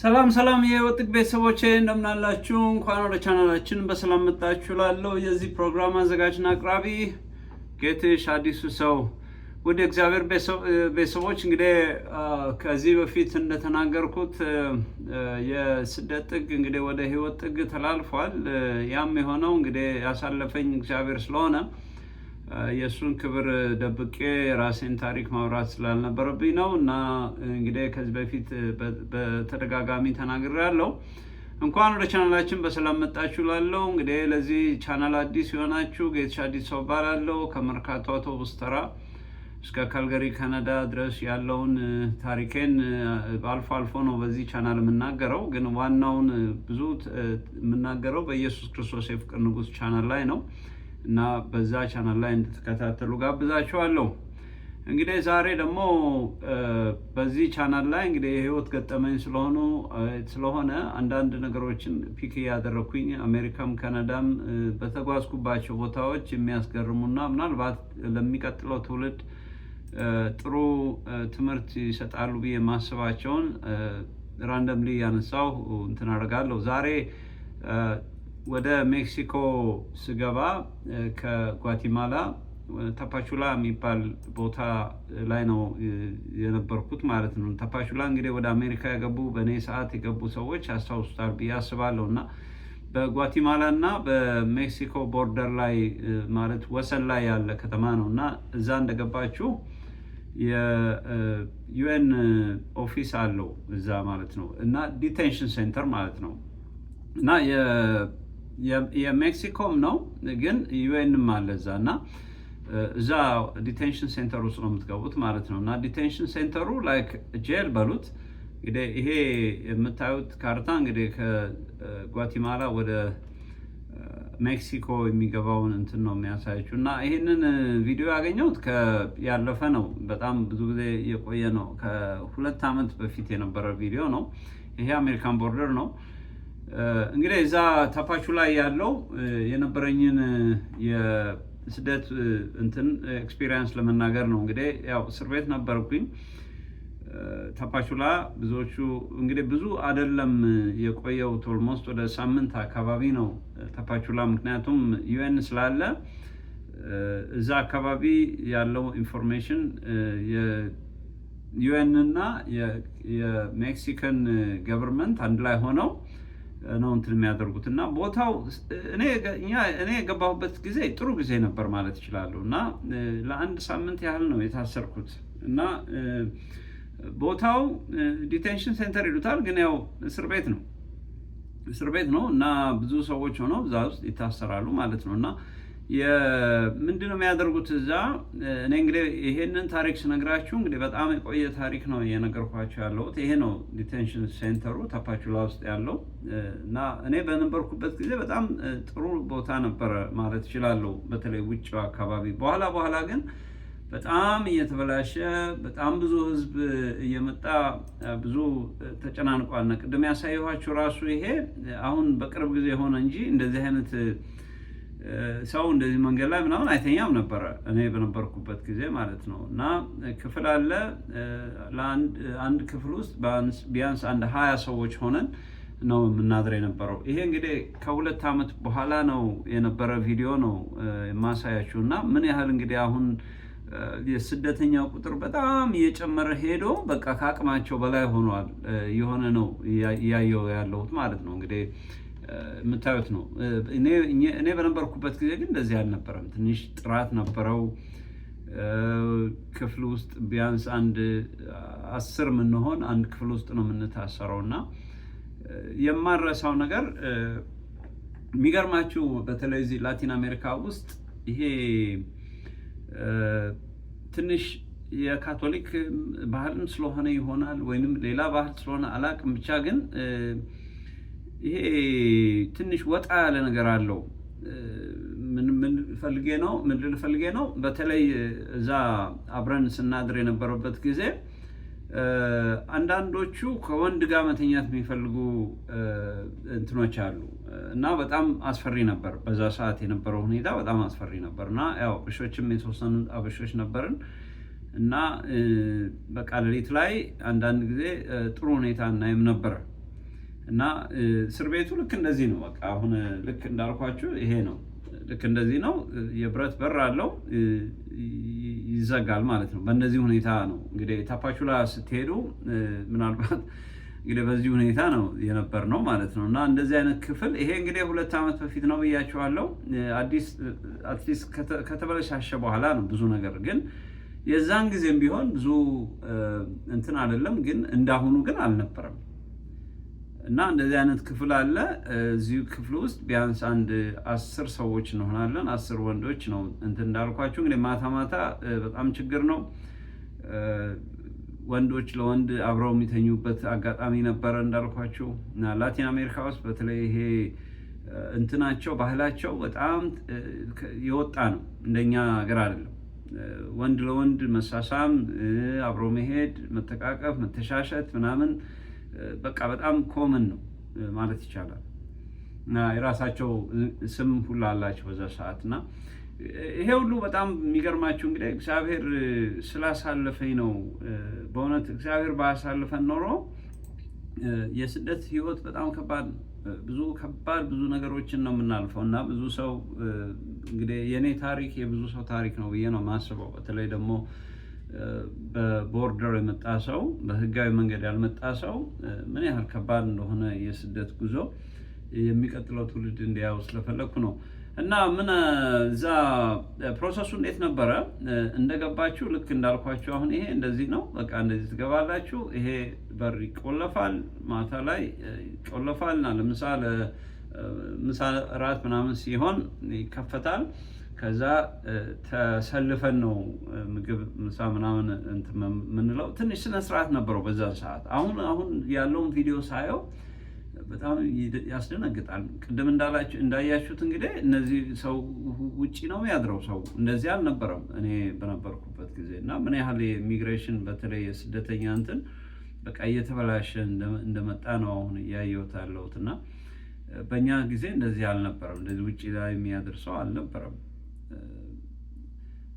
ሰላም ሰላም የወጥቅ ቤተሰቦቼ እንደምናላችሁ፣ እንኳን ወደ ቻናላችን በሰላም መጣችሁ። ላለው የዚህ ፕሮግራም አዘጋጅና አቅራቢ ጌቴሽ አዲሱ ሰው ወደ እግዚአብሔር ቤተሰቦች እንግዲህ ከዚህ በፊት እንደተናገርኩት የስደት ጥግ እንግዲህ ወደ ህይወት ጥግ ተላልፏል። ያም የሆነው እንግዲህ ያሳለፈኝ እግዚአብሔር ስለሆነ የእሱን ክብር ደብቄ የራሴን ታሪክ ማውራት ስላልነበረብኝ ነው እና እንግዲህ ከዚህ በፊት በተደጋጋሚ ተናግሬያለሁ። እንኳን ወደ ቻናላችን በሰላም መጣችሁ ላለው እንግዲህ ለዚህ ቻናል አዲስ የሆናችሁ ጌትሽ አዲስ ሰው እባላለሁ ከመርካቶ አውቶቡስ ተራ እስከ ካልገሪ ካናዳ ድረስ ያለውን ታሪኬን አልፎ አልፎ ነው በዚህ ቻናል የምናገረው፣ ግን ዋናውን ብዙ የምናገረው በኢየሱስ ክርስቶስ የፍቅር ንጉሥ ቻናል ላይ ነው እና በዛ ቻናል ላይ እንድትከታተሉ ጋብዛችኋለሁ። እንግዲህ ዛሬ ደግሞ በዚህ ቻናል ላይ እንግዲህ የህይወት ገጠመኝ ስለሆኑ ስለሆነ አንዳንድ ነገሮችን ፒክ እያደረግኩኝ አሜሪካም ካናዳም በተጓዝኩባቸው ቦታዎች የሚያስገርሙና ምናልባት ለሚቀጥለው ትውልድ ጥሩ ትምህርት ይሰጣሉ ብዬ ማስባቸውን ራንደምሊ ያነሳው እንትን አደርጋለሁ። ዛሬ ወደ ሜክሲኮ ስገባ ከጓቲማላ ታፓቹላ የሚባል ቦታ ላይ ነው የነበርኩት ማለት ነው። ታፓቹላ እንግዲህ ወደ አሜሪካ የገቡ በእኔ ሰዓት የገቡ ሰዎች አስታውሱታል ብዬ አስባለሁ እና በጓቲማላ እና በሜክሲኮ ቦርደር ላይ ማለት ወሰን ላይ ያለ ከተማ ነው እና እዛ እንደገባችሁ የዩኤን ኦፊስ አለው እዛ ማለት ነው እና ዲቴንሽን ሴንተር ማለት ነው እና የሜክሲኮም ነው ግን ዩኤንም አለ እዛ እና እዛ ዲቴንሽን ሴንተር ውስጥ ነው የምትገቡት ማለት ነው እና ዲቴንሽን ሴንተሩ ላይክ ጄል በሉት እንግዲህ ይሄ የምታዩት ካርታ እንግዲህ ከጓቲማላ ወደ ሜክሲኮ የሚገባውን እንትን ነው የሚያሳያችው እና ይህንን ቪዲዮ ያገኘሁት ያለፈ ነው፣ በጣም ብዙ ጊዜ የቆየ ነው። ከሁለት ዓመት በፊት የነበረ ቪዲዮ ነው። ይሄ አሜሪካን ቦርደር ነው። እንግዲህ እዛ ታፓቹ ላይ ያለው የነበረኝን የስደት እንትን ኤክስፒሪየንስ ለመናገር ነው። እንግዲህ ያው እስር ቤት ነበርኩኝ። ተፓቹላ ብዙዎቹ እንግዲህ ብዙ አይደለም የቆየው ኦልሞስት ወደ ሳምንት አካባቢ ነው ተፓቹላ። ምክንያቱም ዩኤን ስላለ እዛ አካባቢ ያለው ኢንፎርሜሽን የዩኤን እና የሜክሲከን ገቨርንመንት አንድ ላይ ሆነው ነው እንትን የሚያደርጉት እና ቦታው እኔ የገባሁበት ጊዜ ጥሩ ጊዜ ነበር ማለት ይችላሉ። እና ለአንድ ሳምንት ያህል ነው የታሰርኩት እና ቦታው ዲቴንሽን ሴንተር ይሉታል፣ ግን ያው እስር ቤት ነው እስር ቤት ነው እና ብዙ ሰዎች ሆነው እዛ ውስጥ ይታሰራሉ ማለት ነው። እና ምንድነው የሚያደርጉት እዛ? እኔ እንግዲህ ይሄንን ታሪክ ስነግራችሁ እንግዲህ በጣም የቆየ ታሪክ ነው እየነገርኳቸው ያለሁት። ይሄ ነው ዲቴንሽን ሴንተሩ ታፓቹላ ውስጥ ያለው እና እኔ በነበርኩበት ጊዜ በጣም ጥሩ ቦታ ነበረ ማለት እችላለሁ፣ በተለይ ውጭ አካባቢ። በኋላ በኋላ ግን በጣም እየተበላሸ በጣም ብዙ ህዝብ እየመጣ ብዙ ተጨናንቋል። ና ቅድም ያሳየኋችሁ ራሱ ይሄ አሁን በቅርብ ጊዜ የሆነ እንጂ እንደዚህ አይነት ሰው እንደዚህ መንገድ ላይ ምናምን አይተኛም ነበረ እኔ በነበርኩበት ጊዜ ማለት ነው። እና ክፍል አለ አንድ ክፍል ውስጥ ቢያንስ አንድ ሀያ ሰዎች ሆነን ነው የምናድር የነበረው። ይሄ እንግዲህ ከሁለት ዓመት በኋላ ነው የነበረ ቪዲዮ ነው የማሳያችሁ እና ምን ያህል እንግዲህ አሁን የስደተኛው ቁጥር በጣም እየጨመረ ሄዶ በቃ ከአቅማቸው በላይ ሆኗል የሆነ ነው እያየው ያለሁት ማለት ነው። እንግዲህ የምታዩት ነው። እኔ በነበርኩበት ጊዜ ግን እንደዚህ አልነበረም። ትንሽ ጥራት ነበረው። ክፍል ውስጥ ቢያንስ አንድ አስር የምንሆን አንድ ክፍል ውስጥ ነው የምንታሰረው እና የማረሳው ነገር የሚገርማችሁ በተለይ እዚህ ላቲን አሜሪካ ውስጥ ይሄ ትንሽ የካቶሊክ ባህልም ስለሆነ ይሆናል ወይም ሌላ ባህል ስለሆነ አላቅም፣ ብቻ ግን ይሄ ትንሽ ወጣ ያለ ነገር አለው። ምን ፈልጌ ነው ምን ልል ፈልጌ ነው፣ በተለይ እዛ አብረን ስናድር የነበረበት ጊዜ አንዳንዶቹ ከወንድ ጋር መተኛት የሚፈልጉ እንትኖች አሉ እና በጣም አስፈሪ ነበር። በዛ ሰዓት የነበረው ሁኔታ በጣም አስፈሪ ነበር እና ያው አበሾችም የተወሰኑ አበሾች ነበርን እና በቃ ሌሊት ላይ አንዳንድ ጊዜ ጥሩ ሁኔታ እናይም ነበረ እና እስር ቤቱ ልክ እንደዚህ ነው። በቃ አሁን ልክ እንዳልኳችሁ ይሄ ነው። ልክ እንደዚህ ነው። የብረት በር አለው ይዘጋል ማለት ነው። በእነዚህ ሁኔታ ነው እንግዲህ ታፓቹላ ስትሄዱ ምናልባት እንግዲህ በዚህ ሁኔታ ነው የነበር ነው ማለት ነው። እና እንደዚህ አይነት ክፍል ይሄ እንግዲህ ሁለት ዓመት በፊት ነው ብያችኋለሁ። አዲስ አትሊስት ከተበለሻሸ በኋላ ነው ብዙ ነገር ግን የዛን ጊዜም ቢሆን ብዙ እንትን አይደለም፣ ግን እንዳሁኑ ግን አልነበረም። እና እንደዚህ አይነት ክፍል አለ። እዚሁ ክፍል ውስጥ ቢያንስ አንድ አስር ሰዎች እንሆናለን። አስር ወንዶች ነው። እንትን እንዳልኳችሁ እንግዲህ ማታ ማታ በጣም ችግር ነው። ወንዶች ለወንድ አብረው የሚተኙበት አጋጣሚ ነበረ እንዳልኳችሁ። እና ላቲን አሜሪካ ውስጥ በተለይ ይሄ እንትናቸው ባህላቸው በጣም የወጣ ነው። እንደኛ ሀገር አይደለም። ወንድ ለወንድ መሳሳም፣ አብሮ መሄድ፣ መተቃቀፍ፣ መተሻሸት ምናምን በቃ በጣም ኮመን ነው ማለት ይቻላል። እና የራሳቸው ስም ሁላ አላቸው በዛ ሰዓት እና ይሄ ሁሉ በጣም የሚገርማችሁ እንግዲህ እግዚአብሔር ስላሳለፈኝ ነው። በእውነት እግዚአብሔር ባሳልፈን ኖሮ የስደት ህይወት በጣም ከባድ ብዙ ከባድ ብዙ ነገሮችን ነው የምናልፈው እና ብዙ ሰው እንግዲህ የእኔ ታሪክ የብዙ ሰው ታሪክ ነው ብዬ ነው ማስበው በተለይ ደግሞ በቦርደር የመጣ ሰው በህጋዊ መንገድ ያልመጣ ሰው ምን ያህል ከባድ እንደሆነ የስደት ጉዞ የሚቀጥለው ትውልድ እንዲያው ስለፈለግኩ ነው። እና ምን እዛ ፕሮሰሱ እንዴት ነበረ? እንደገባችሁ ልክ እንዳልኳችሁ አሁን ይሄ እንደዚህ ነው። በቃ እንደዚህ ትገባላችሁ። ይሄ በር ይቆለፋል፣ ማታ ላይ ይቆለፋል እና ለምሳ ምሳ እራት ምናምን ሲሆን ይከፈታል። ከዛ ተሰልፈን ነው ምግብ ምሳ ምናምን የምንለው። ትንሽ ስነ ስርዓት ነበረው በዛ ሰዓት። አሁን አሁን ያለውን ቪዲዮ ሳየው በጣም ያስደነግጣል። ቅድም እንዳያችሁት እንግዲህ እነዚህ ሰው ውጭ ነው ያድረው ሰው እንደዚህ አልነበረም እኔ በነበርኩበት ጊዜ እና ምን ያህል የኢሚግሬሽን በተለይ የስደተኛ እንትን በቃ እየተበላሸ እንደመጣ ነው አሁን እያየሁት ያለሁት እና በእኛ ጊዜ እንደዚህ አልነበረም። እንደዚህ ውጭ ላይ የሚያድር ሰው አልነበረም።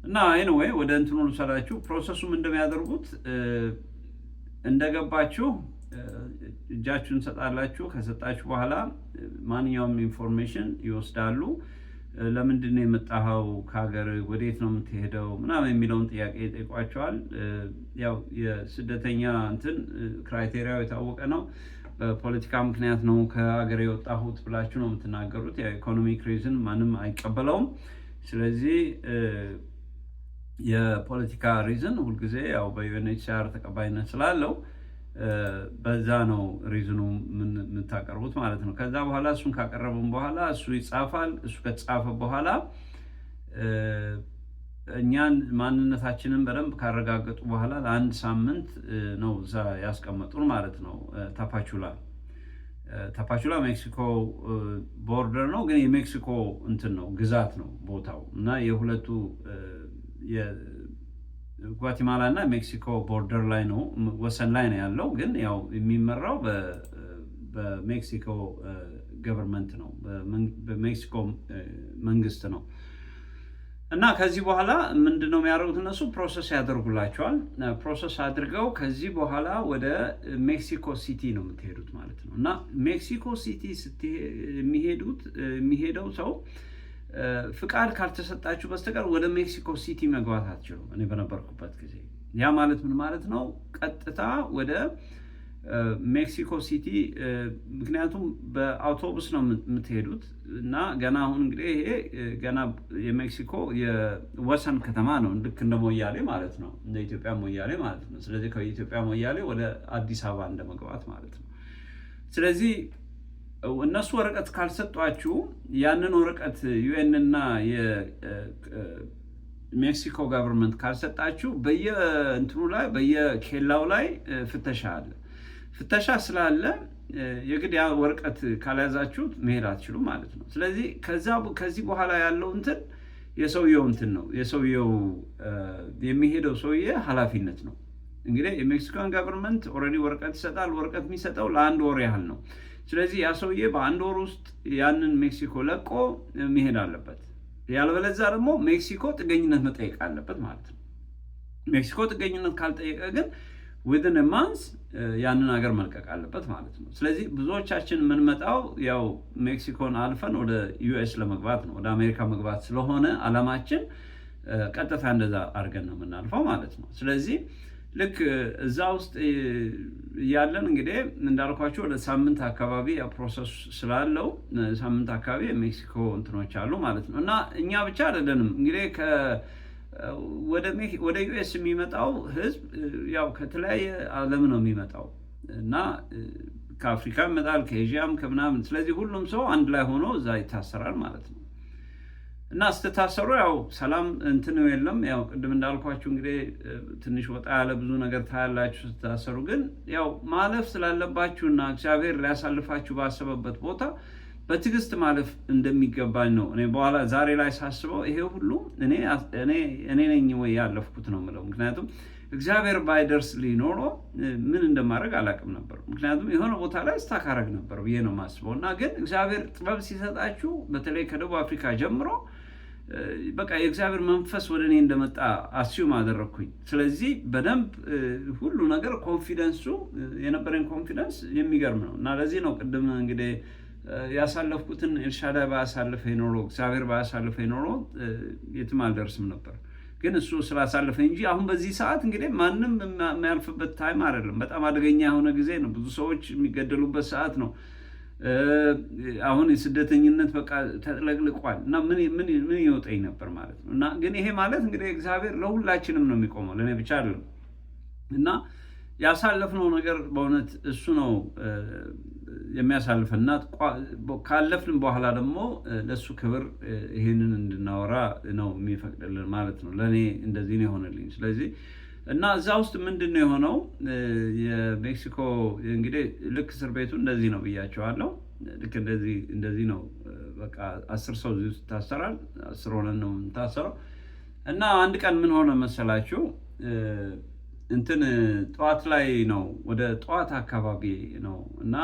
እና ኤኒዌይ ወደ እንትኑ ልውሰዳችሁ። ፕሮሰሱም እንደሚያደርጉት እንደገባችሁ እጃችሁን እንሰጣላችሁ ከሰጣችሁ በኋላ ማንኛውም ኢንፎርሜሽን ይወስዳሉ። ለምንድን ነው የመጣኸው? ከሀገር ወዴት ነው የምትሄደው? ምናምን የሚለውን ጥያቄ ይጠይቋቸዋል። ያው የስደተኛ እንትን ክራይቴሪያው የታወቀ ነው። በፖለቲካ ምክንያት ነው ከሀገር የወጣሁት ብላችሁ ነው የምትናገሩት። የኢኮኖሚ ክሪዝን ማንም አይቀበለውም። ስለዚህ የፖለቲካ ሪዝን ሁልጊዜ ያው በዩኤንኤችሲአር ተቀባይነት ስላለው በዛ ነው ሪዝኑ የምታቀርቡት ማለት ነው። ከዛ በኋላ እሱን ካቀረቡም በኋላ እሱ ይጻፋል። እሱ ከተጻፈ በኋላ እኛን ማንነታችንን በደንብ ካረጋገጡ በኋላ ለአንድ ሳምንት ነው እዛ ያስቀመጡን ማለት ነው። ታፓቹላ ታፓቹላ ሜክሲኮ ቦርደር ነው፣ ግን የሜክሲኮ እንትን ነው ግዛት ነው ቦታው እና የሁለቱ ጓቲማላ እና ሜክሲኮ ቦርደር ላይ ነው ወሰን ላይ ነው ያለው። ግን ያው የሚመራው በሜክሲኮ ገቨርንመንት ነው፣ በሜክሲኮ መንግስት ነው። እና ከዚህ በኋላ ምንድነው የሚያደርጉት እነሱ ፕሮሰስ ያደርጉላቸዋል። ፕሮሰስ አድርገው ከዚህ በኋላ ወደ ሜክሲኮ ሲቲ ነው የምትሄዱት ማለት ነው። እና ሜክሲኮ ሲቲ የሚሄዱት የሚሄደው ሰው ፍቃድ ካልተሰጣችሁ በስተቀር ወደ ሜክሲኮ ሲቲ መግባት አትችሉም። እኔ በነበርኩበት ጊዜ ያ ማለት ምን ማለት ነው? ቀጥታ ወደ ሜክሲኮ ሲቲ ምክንያቱም በአውቶቡስ ነው የምትሄዱት እና ገና አሁን እንግዲህ ይሄ ገና የሜክሲኮ የወሰን ከተማ ነው፣ ልክ እንደ ሞያሌ ማለት ነው፣ እንደ ኢትዮጵያ ሞያሌ ማለት ነው። ስለዚህ ከኢትዮጵያ ሞያሌ ወደ አዲስ አበባ እንደመግባት ማለት ነው። ስለዚህ እነሱ ወረቀት ካልሰጧችሁ ያንን ወረቀት ዩኤን እና የሜክሲኮ ጋቨርንመንት ካልሰጣችሁ በየእንትኑ ላይ በየኬላው ላይ ፍተሻ አለ። ፍተሻ ስላለ የግድ ያ ወረቀት ካልያዛችሁ መሄድ አትችሉ ማለት ነው። ስለዚህ ከዚህ በኋላ ያለው እንትን የሰውየው እንትን ነው የሰውየው የሚሄደው ሰውዬ ኃላፊነት ነው። እንግዲህ የሜክሲኮን ጋቨርንመንት ኦልሬዲ ወረቀት ይሰጣል። ወረቀት የሚሰጠው ለአንድ ወር ያህል ነው። ስለዚህ ያ ሰውዬ በአንድ ወር ውስጥ ያንን ሜክሲኮ ለቆ መሄድ አለበት። ያልበለዛ ደግሞ ሜክሲኮ ጥገኝነት መጠየቅ አለበት ማለት ነው። ሜክሲኮ ጥገኝነት ካልጠየቀ ግን ዊዝን ማንስ ያንን ሀገር መልቀቅ አለበት ማለት ነው። ስለዚህ ብዙዎቻችን የምንመጣው ያው ሜክሲኮን አልፈን ወደ ዩኤስ ለመግባት ነው፣ ወደ አሜሪካ መግባት ስለሆነ አላማችን ቀጥታ እንደዛ አድርገን ነው የምናልፈው ማለት ነው። ስለዚህ ልክ እዛ ውስጥ ያለን እንግዲህ እንዳልኳቸው ወደ ሳምንት አካባቢ ፕሮሰስ ስላለው ሳምንት አካባቢ የሜክሲኮ እንትኖች አሉ ማለት ነው። እና እኛ ብቻ አይደለንም እንግዲህ ወደ ዩኤስ የሚመጣው ህዝብ ያው ከተለያየ ዓለም ነው የሚመጣው እና ከአፍሪካ ይመጣል፣ ከኤዥያም ከምናምን። ስለዚህ ሁሉም ሰው አንድ ላይ ሆኖ እዛ ይታሰራል ማለት ነው። እና ስትታሰሩ ያው ሰላም እንትን የለም። ያው ቅድም እንዳልኳችሁ እንግዲህ ትንሽ ወጣ ያለ ብዙ ነገር ታያላችሁ። ስታሰሩ ግን ያው ማለፍ ስላለባችሁና እግዚአብሔር ሊያሳልፋችሁ ባሰበበት ቦታ በትዕግስት ማለፍ እንደሚገባኝ ነው። እኔ በኋላ ዛሬ ላይ ሳስበው ይሄ ሁሉ እኔ ነኝ ወይ ያለፍኩት ነው የምለው። ምክንያቱም እግዚአብሔር ባይደርስ ሊኖሮ ምን እንደማድረግ አላውቅም ነበር። ምክንያቱም የሆነ ቦታ ላይ ስታካረግ ነበር ብዬ ነው የማስበው። እና ግን እግዚአብሔር ጥበብ ሲሰጣችሁ በተለይ ከደቡብ አፍሪካ ጀምሮ በቃ የእግዚአብሔር መንፈስ ወደ እኔ እንደመጣ አስዩም አደረግኩኝ። ስለዚህ በደንብ ሁሉ ነገር ኮንፊደንሱ የነበረኝ ኮንፊደንስ የሚገርም ነው እና ለዚህ ነው ቅድም እንግዲህ ያሳለፍኩትን ኤልሻዳይ ባያሳልፈ ኖሮ እግዚአብሔር ባያሳልፈ ኖሮ የትም አልደርስም ነበር። ግን እሱ ስላሳለፈ እንጂ አሁን በዚህ ሰዓት እንግዲህ ማንም የሚያልፍበት ታይም አይደለም። በጣም አደገኛ የሆነ ጊዜ ነው። ብዙ ሰዎች የሚገደሉበት ሰዓት ነው። አሁን የስደተኝነት በቃ ተጥለቅልቋል እና ምን ይወጠኝ ነበር ማለት ነው። እና ግን ይሄ ማለት እንግዲህ እግዚአብሔር ለሁላችንም ነው የሚቆመው ለእኔ ብቻ አይደለም። እና ያሳለፍነው ነገር በእውነት እሱ ነው የሚያሳልፈና ካለፍን በኋላ ደግሞ ለእሱ ክብር ይህንን እንድናወራ ነው የሚፈቅድልን ማለት ነው። ለእኔ እንደዚህ ነው የሆነልኝ። ስለዚህ እና እዛ ውስጥ ምንድን ነው የሆነው? የሜክሲኮ እንግዲህ ልክ እስር ቤቱ እንደዚህ ነው ብያቸዋለሁ። ልክ እንደዚህ እንደዚህ ነው በቃ አስር ሰው እዚህ ውስጥ ይታሰራል። አስር ሆነን ነው የምንታሰረው። እና አንድ ቀን ምን ሆነ መሰላችሁ? እንትን ጠዋት ላይ ነው ወደ ጠዋት አካባቢ ነው እና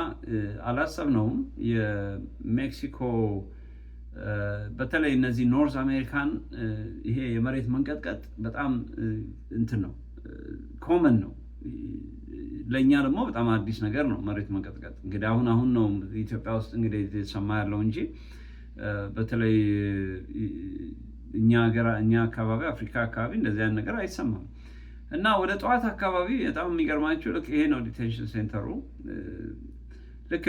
አላሰብነውም። የሜክሲኮ በተለይ እነዚህ ኖርዝ አሜሪካን ይሄ የመሬት መንቀጥቀጥ በጣም እንትን ነው ኮመን ነው። ለእኛ ደግሞ በጣም አዲስ ነገር ነው መሬት መንቀጥቀጥ። እንግዲህ አሁን አሁን ነው ኢትዮጵያ ውስጥ እንግዲህ የተሰማ ያለው እንጂ በተለይ እኛ ሀገር እኛ አካባቢ አፍሪካ አካባቢ እንደዚህ አይነት ነገር አይሰማም። እና ወደ ጠዋት አካባቢ በጣም የሚገርማችሁ ልክ ይሄ ነው ዲቴንሽን ሴንተሩ ልክ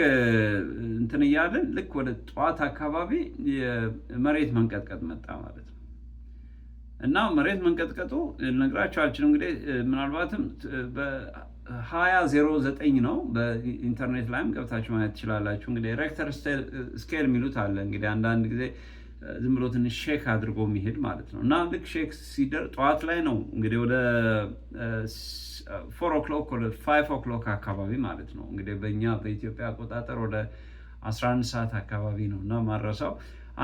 እንትን እያለን ልክ ወደ ጠዋት አካባቢ የመሬት መንቀጥቀጥ መጣ ማለት ነው። እና መሬት መንቀጥቀጡ ልነግራችሁ አልችልም። እንግዲህ ምናልባትም በ2009 ነው። በኢንተርኔት ላይም ገብታችሁ ማየት ትችላላችሁ። እንግዲህ ሬክተር ስኬል የሚሉት አለ። እንግዲህ አንዳንድ ጊዜ ዝም ብሎ ትንሽ ሼክ አድርጎ የሚሄድ ማለት ነው እና ልክ ሼክ ሲደር ጠዋት ላይ ነው እንግዲህ ወደ ፎር ኦክሎክ ወደ ፋይቭ ኦክሎክ አካባቢ ማለት ነው እንግዲህ በእኛ በኢትዮጵያ አቆጣጠር ወደ 11 ሰዓት አካባቢ ነው እና ማረሳው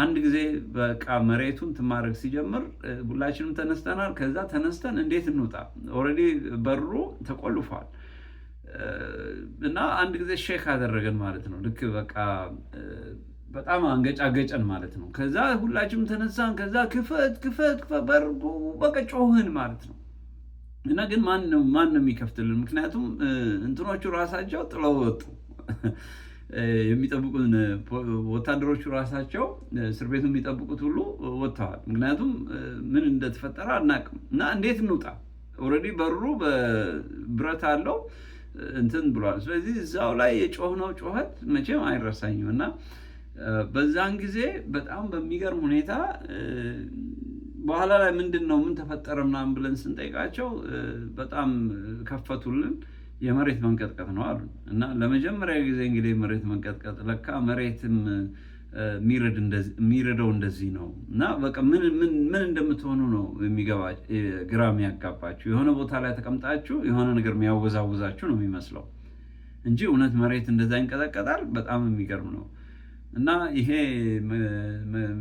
አንድ ጊዜ በቃ መሬቱን ትማድረግ ሲጀምር ሁላችንም ተነስተናል። ከዛ ተነስተን እንዴት እንውጣ? ኦልሬዲ በሩ ተቆልፏል። እና አንድ ጊዜ ሼክ አደረገን ማለት ነው። ልክ በቃ በጣም አንገጫገጨን ማለት ነው። ከዛ ሁላችንም ተነሳን። ከዛ ክፈት ክፈት ክፈት በርጉ በቃ ጮህን ማለት ነው። እና ግን ማን ነው የሚከፍትልን? ምክንያቱም እንትኖቹ ራሳቸው ጥለው ወጡ። የሚጠብቁን ወታደሮቹ ራሳቸው እስር ቤቱ የሚጠብቁት ሁሉ ወጥተዋል። ምክንያቱም ምን እንደተፈጠረ አናቅም እና እንዴት እንውጣ? ኦልሬዲ በሩ ብረት አለው እንትን ብሏል። ስለዚህ እዛው ላይ የጮህነው ጩኸት መቼም አይረሳኝም እና በዛን ጊዜ በጣም በሚገርም ሁኔታ በኋላ ላይ ምንድን ነው ምን ተፈጠረ ምናምን ብለን ስንጠይቃቸው በጣም ከፈቱልን። የመሬት መንቀጥቀጥ ነው አሉ እና ለመጀመሪያ ጊዜ እንግዲህ የመሬት መንቀጥቀጥ ለካ መሬትም የሚረዳው እንደዚህ ነው እና በቃ ምን እንደምትሆኑ ነው ግራ የሚያጋባችሁ። የሆነ ቦታ ላይ ተቀምጣችሁ የሆነ ነገር የሚያወዛውዛችሁ ነው የሚመስለው እንጂ እውነት መሬት እንደዛ ይንቀጠቀጣል። በጣም የሚገርም ነው። እና ይሄ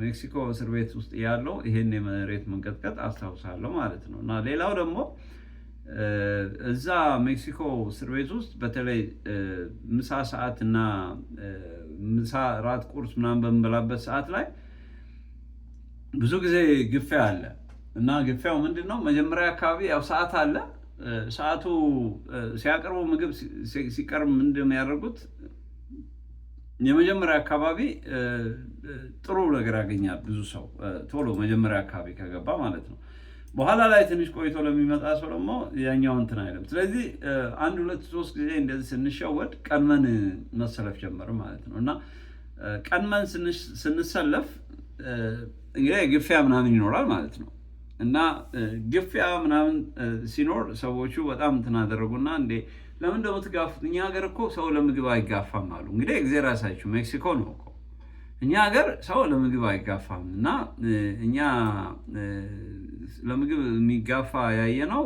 ሜክሲኮ እስር ቤት ውስጥ ያለው ይሄን የመሬት መንቀጥቀጥ አስታውሳለሁ ማለት ነው። እና ሌላው ደግሞ እዛ ሜክሲኮ እስር ቤት ውስጥ በተለይ ምሳ ሰዓት እና ምሳ ራት፣ ቁርስ ምናምን በምንበላበት ሰዓት ላይ ብዙ ጊዜ ግፊያ አለ እና ግፊያው ምንድን ነው? መጀመሪያ አካባቢ ያው ሰዓት አለ። ሰዓቱ ሲያቀርቡ ምግብ ሲቀርብ ምንድን ነው ያደርጉት? የመጀመሪያ አካባቢ ጥሩ ነገር ያገኛል ብዙ ሰው ቶሎ መጀመሪያ አካባቢ ከገባ ማለት ነው። በኋላ ላይ ትንሽ ቆይቶ ለሚመጣ ሰው ደግሞ ያኛው እንትን አይልም። ስለዚህ አንድ ሁለት ሶስት ጊዜ እንደዚህ ስንሸወድ ቀድመን መሰለፍ ጀመር ማለት ነው እና ቀድመን ስንሰለፍ እንግዲህ ግፊያ ምናምን ይኖራል ማለት ነው እና ግፊያ ምናምን ሲኖር ሰዎቹ በጣም እንትን አደረጉና እንዴ ለምን ደግሞ ትጋፉት? እኛ ሀገር እኮ ሰው ለምግብ አይጋፋም አሉ። እንግዲህ ጊዜ ራሳችሁ ሜክሲኮ ነው እኮ እኛ ሀገር ሰው ለምግብ አይጋፋም እና እኛ ለምግብ የሚጋፋ ያየነው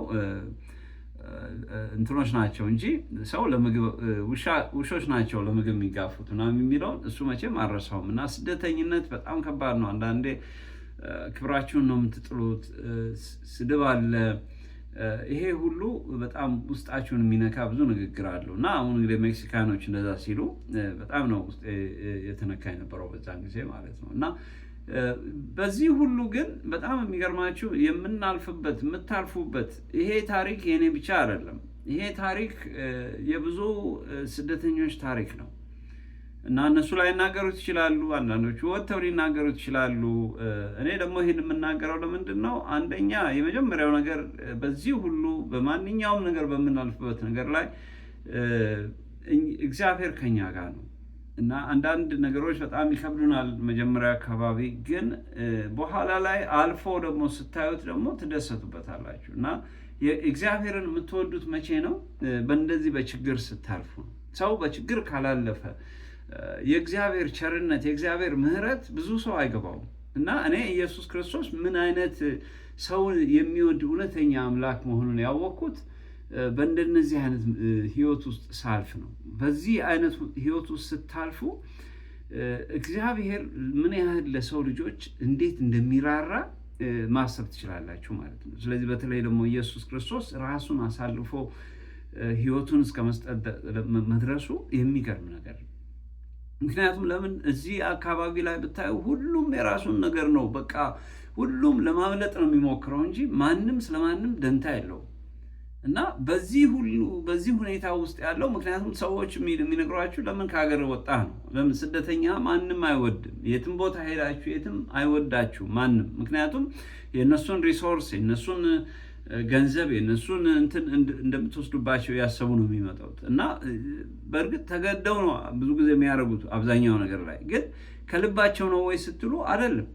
እንትኖች ናቸው እንጂ ሰው ውሾች ናቸው ለምግብ የሚጋፉት ምናምን የሚለውን እሱ መቼም አልረሳውም። እና ስደተኝነት በጣም ከባድ ነው። አንዳንዴ ክብራችሁን ነው የምትጥሉት፣ ስድብ አለ። ይሄ ሁሉ በጣም ውስጣችሁን የሚነካ ብዙ ንግግር አለው እና አሁን እንግዲህ ሜክሲካኖች እንደዛ ሲሉ በጣም ነው ውስጥ የተነካ የነበረው በዛን ጊዜ ማለት ነው እና በዚህ ሁሉ ግን በጣም የሚገርማችሁ የምናልፍበት የምታልፉበት ይሄ ታሪክ የኔ ብቻ አይደለም። ይሄ ታሪክ የብዙ ስደተኞች ታሪክ ነው እና እነሱ ላይ ይናገሩት ይችላሉ። አንዳንዶቹ ወጥተው ሊናገሩት ይችላሉ። እኔ ደግሞ ይህን የምናገረው ለምንድን ነው? አንደኛ የመጀመሪያው ነገር በዚህ ሁሉ በማንኛውም ነገር በምናልፍበት ነገር ላይ እግዚአብሔር ከኛ ጋር ነው። እና አንዳንድ ነገሮች በጣም ይከብዱናል መጀመሪያ አካባቢ፣ ግን በኋላ ላይ አልፎ ደግሞ ስታዩት ደግሞ ትደሰቱበታላችሁ። እና እግዚአብሔርን የምትወዱት መቼ ነው? በእንደዚህ በችግር ስታልፉ። ሰው በችግር ካላለፈ የእግዚአብሔር ቸርነት የእግዚአብሔር ምሕረት ብዙ ሰው አይገባውም። እና እኔ ኢየሱስ ክርስቶስ ምን አይነት ሰውን የሚወድ እውነተኛ አምላክ መሆኑን ያወቅኩት በእንደነዚህ አይነት ህይወት ውስጥ ሳልፍ ነው። በዚህ አይነት ህይወት ውስጥ ስታልፉ እግዚአብሔር ምን ያህል ለሰው ልጆች እንዴት እንደሚራራ ማሰብ ትችላላችሁ ማለት ነው። ስለዚህ በተለይ ደግሞ ኢየሱስ ክርስቶስ ራሱን አሳልፎ ህይወቱን እስከ መስጠት መድረሱ የሚገርም ነገር ነው። ምክንያቱም ለምን እዚህ አካባቢ ላይ ብታዩ ሁሉም የራሱን ነገር ነው። በቃ ሁሉም ለማምለጥ ነው የሚሞክረው እንጂ ማንም ስለማንም ደንታ የለውም። እና በዚህ ሁሉ በዚህ ሁኔታ ውስጥ ያለው ምክንያቱም ሰዎች የሚነግሯችሁ ለምን ከሀገር ወጣ ነው። ለምን ስደተኛ ማንም አይወድም። የትም ቦታ ሄዳችሁ የትም አይወዳችሁ ማንም። ምክንያቱም የእነሱን ሪሶርስ የእነሱን ገንዘብ የእነሱን እንትን እንደምትወስዱባቸው ያሰቡ ነው የሚመጣውት እና በእርግጥ ተገደው ነው ብዙ ጊዜ የሚያደርጉት አብዛኛው ነገር ላይ ግን ከልባቸው ነው ወይ ስትሉ አይደለም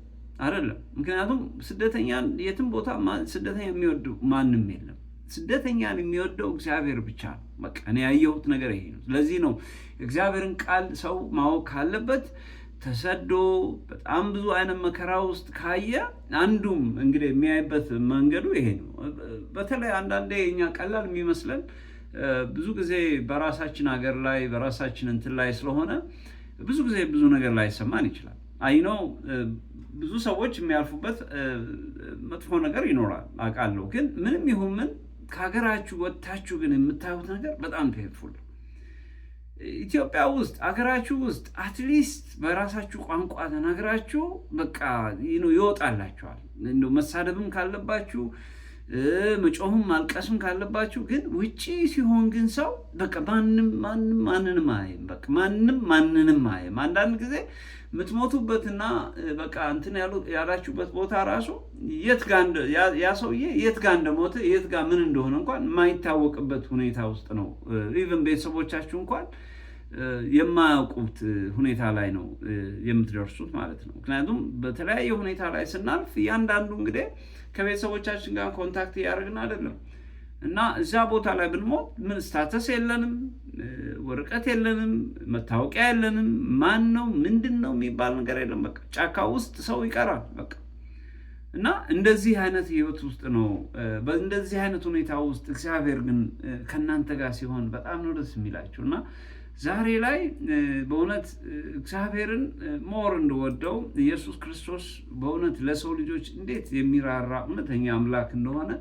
አይደለም። ምክንያቱም ስደተኛ የትም ቦታ ስደተኛ የሚወድ ማንም የለም። ስደተኛን የሚወደው እግዚአብሔር ብቻ ነው። በቃ እኔ ያየሁት ነገር ይሄ ነው። ስለዚህ ነው እግዚአብሔርን ቃል ሰው ማወቅ ካለበት ተሰዶ በጣም ብዙ አይነት መከራ ውስጥ ካየ አንዱም እንግዲህ የሚያይበት መንገዱ ይሄ ነው። በተለይ አንዳንዴ እኛ ቀላል የሚመስለን ብዙ ጊዜ በራሳችን ሀገር ላይ በራሳችን እንትን ላይ ስለሆነ ብዙ ጊዜ ብዙ ነገር ላይ ይሰማን ይችላል። አይ ነው ብዙ ሰዎች የሚያልፉበት መጥፎ ነገር ይኖራል አውቃለሁ። ግን ምንም ይሁን ምን ከሀገራችሁ ወጥታችሁ ግን የምታዩት ነገር በጣም ፔንፉል። ኢትዮጵያ ውስጥ ሀገራችሁ ውስጥ አትሊስት በራሳችሁ ቋንቋ ተናግራችሁ በቃ ይወጣላችኋል። መሳደብም ካለባችሁ መጮህም ማልቀስም ካለባችሁ ግን ውጪ ሲሆን ግን ሰው በቃ ማንም ማንም ማንንም አይም በቃ ማንም ማንንም አይም አንዳንድ ጊዜ የምትሞቱበትና በቃ እንትን ያላችሁበት ቦታ ራሱ ያ ሰውዬ የት ጋ እንደሞተ የት ጋ ምን እንደሆነ እንኳን የማይታወቅበት ሁኔታ ውስጥ ነው። ኢቨን ቤተሰቦቻችሁ እንኳን የማያውቁት ሁኔታ ላይ ነው የምትደርሱት ማለት ነው። ምክንያቱም በተለያየ ሁኔታ ላይ ስናልፍ እያንዳንዱ እንግዲህ ከቤተሰቦቻችን ጋር ኮንታክት እያደረግን አይደለም እና እዛ ቦታ ላይ ብንሞት ምን ስታተስ የለንም፣ ወረቀት የለንም፣ መታወቂያ የለንም። ማን ነው ምንድን ነው የሚባል ነገር የለም። በቃ ጫካ ውስጥ ሰው ይቀራል። በቃ እና እንደዚህ አይነት ህይወት ውስጥ ነው። በእንደዚህ አይነት ሁኔታ ውስጥ እግዚአብሔር ግን ከእናንተ ጋር ሲሆን በጣም ነው ደስ የሚላችሁ እና ዛሬ ላይ በእውነት እግዚአብሔርን ሞር እንደወደው ኢየሱስ ክርስቶስ በእውነት ለሰው ልጆች እንዴት የሚራራ እውነተኛ አምላክ እንደሆነ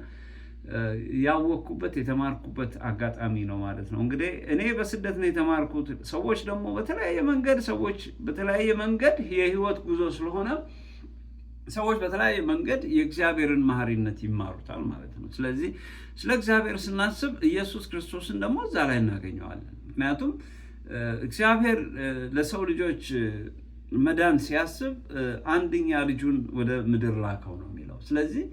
ያወቅኩበት የተማርኩበት አጋጣሚ ነው ማለት ነው። እንግዲህ እኔ በስደት ነው የተማርኩት። ሰዎች ደግሞ በተለያየ መንገድ ሰዎች በተለያየ መንገድ የህይወት ጉዞ ስለሆነ ሰዎች በተለያየ መንገድ የእግዚአብሔርን መሐሪነት ይማሩታል ማለት ነው። ስለዚህ ስለ እግዚአብሔር ስናስብ ኢየሱስ ክርስቶስን ደግሞ እዛ ላይ እናገኘዋለን። ምክንያቱም እግዚአብሔር ለሰው ልጆች መዳን ሲያስብ አንደኛ ልጁን ወደ ምድር ላከው ነው የሚለው ስለዚህ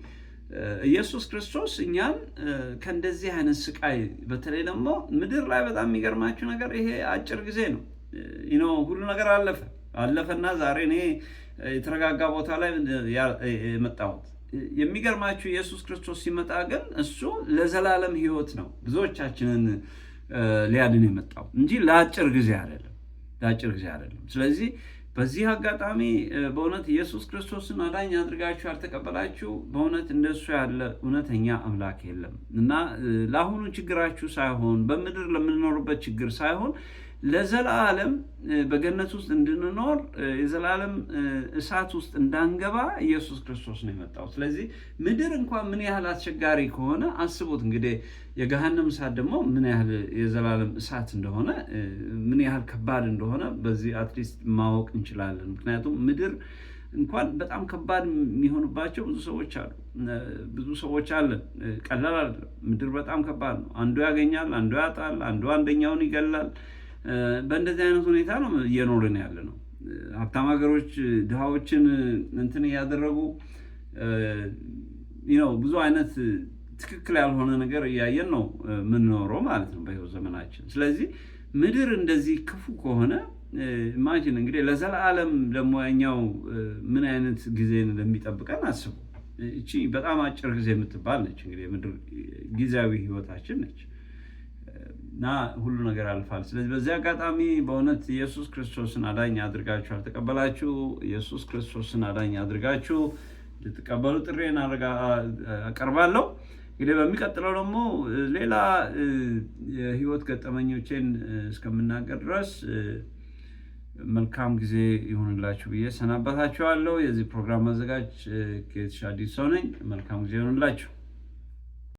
ኢየሱስ ክርስቶስ እኛን ከእንደዚህ አይነት ስቃይ በተለይ ደግሞ ምድር ላይ በጣም የሚገርማችሁ ነገር ይሄ አጭር ጊዜ ነው ሁሉ ነገር አለፈ አለፈና ዛሬ እኔ የተረጋጋ ቦታ ላይ የመጣሁት። የሚገርማችሁ ኢየሱስ ክርስቶስ ሲመጣ ግን እሱ ለዘላለም ሕይወት ነው ብዙዎቻችንን ሊያድን የመጣው እንጂ ለአጭር ጊዜ አይደለም፣ ለአጭር ጊዜ አይደለም። ስለዚህ በዚህ አጋጣሚ በእውነት ኢየሱስ ክርስቶስን አዳኝ አድርጋችሁ ያልተቀበላችሁ በእውነት እንደሱ ያለ እውነተኛ አምላክ የለም እና ለአሁኑ ችግራችሁ ሳይሆን በምድር ለምንኖርበት ችግር ሳይሆን ለዘላለም በገነት ውስጥ እንድንኖር የዘላለም እሳት ውስጥ እንዳንገባ ኢየሱስ ክርስቶስ ነው የመጣው። ስለዚህ ምድር እንኳን ምን ያህል አስቸጋሪ ከሆነ አስቡት እንግዲህ የገሃነም እሳት ደግሞ ምን ያህል የዘላለም እሳት እንደሆነ ምን ያህል ከባድ እንደሆነ በዚህ አትሊስት ማወቅ እንችላለን። ምክንያቱም ምድር እንኳን በጣም ከባድ የሚሆንባቸው ብዙ ሰዎች አሉ፣ ብዙ ሰዎች አለን። ቀላል አይደለም ምድር፣ በጣም ከባድ ነው። አንዱ ያገኛል፣ አንዱ ያጣል፣ አንዱ አንደኛውን ይገላል። በእንደዚህ አይነት ሁኔታ ነው እየኖርን ያለ ነው። ሀብታም ሀገሮች ድሃዎችን እንትን እያደረጉ ነው ብዙ አይነት ትክክል ያልሆነ ነገር እያየን ነው የምንኖረው ማለት ነው በህይወት ዘመናችን። ስለዚህ ምድር እንደዚህ ክፉ ከሆነ ኢማጂን እንግዲህ ለዘላለም ደግሞ ያኛው ምን አይነት ጊዜ እንደሚጠብቀን አስቡ። እቺ በጣም አጭር ጊዜ የምትባል ነች። እንግዲህ ምድር ጊዜያዊ ህይወታችን ነች። እና ሁሉ ነገር ያልፋል። ስለዚህ በዚህ አጋጣሚ በእውነት ኢየሱስ ክርስቶስን አዳኝ አድርጋችሁ አልተቀበላችሁ፣ ኢየሱስ ክርስቶስን አዳኝ አድርጋችሁ ልትቀበሉ ጥሬን አቀርባለሁ። እንግዲህ በሚቀጥለው ደግሞ ሌላ የህይወት ገጠመኞቼን እስከምናገር ድረስ መልካም ጊዜ ይሁንላችሁ ብዬ ሰናበታችኋለሁ። የዚህ ፕሮግራም አዘጋጅ ኬትሻ አዲስ ሰው ነኝ። መልካም ጊዜ ይሁንላችሁ።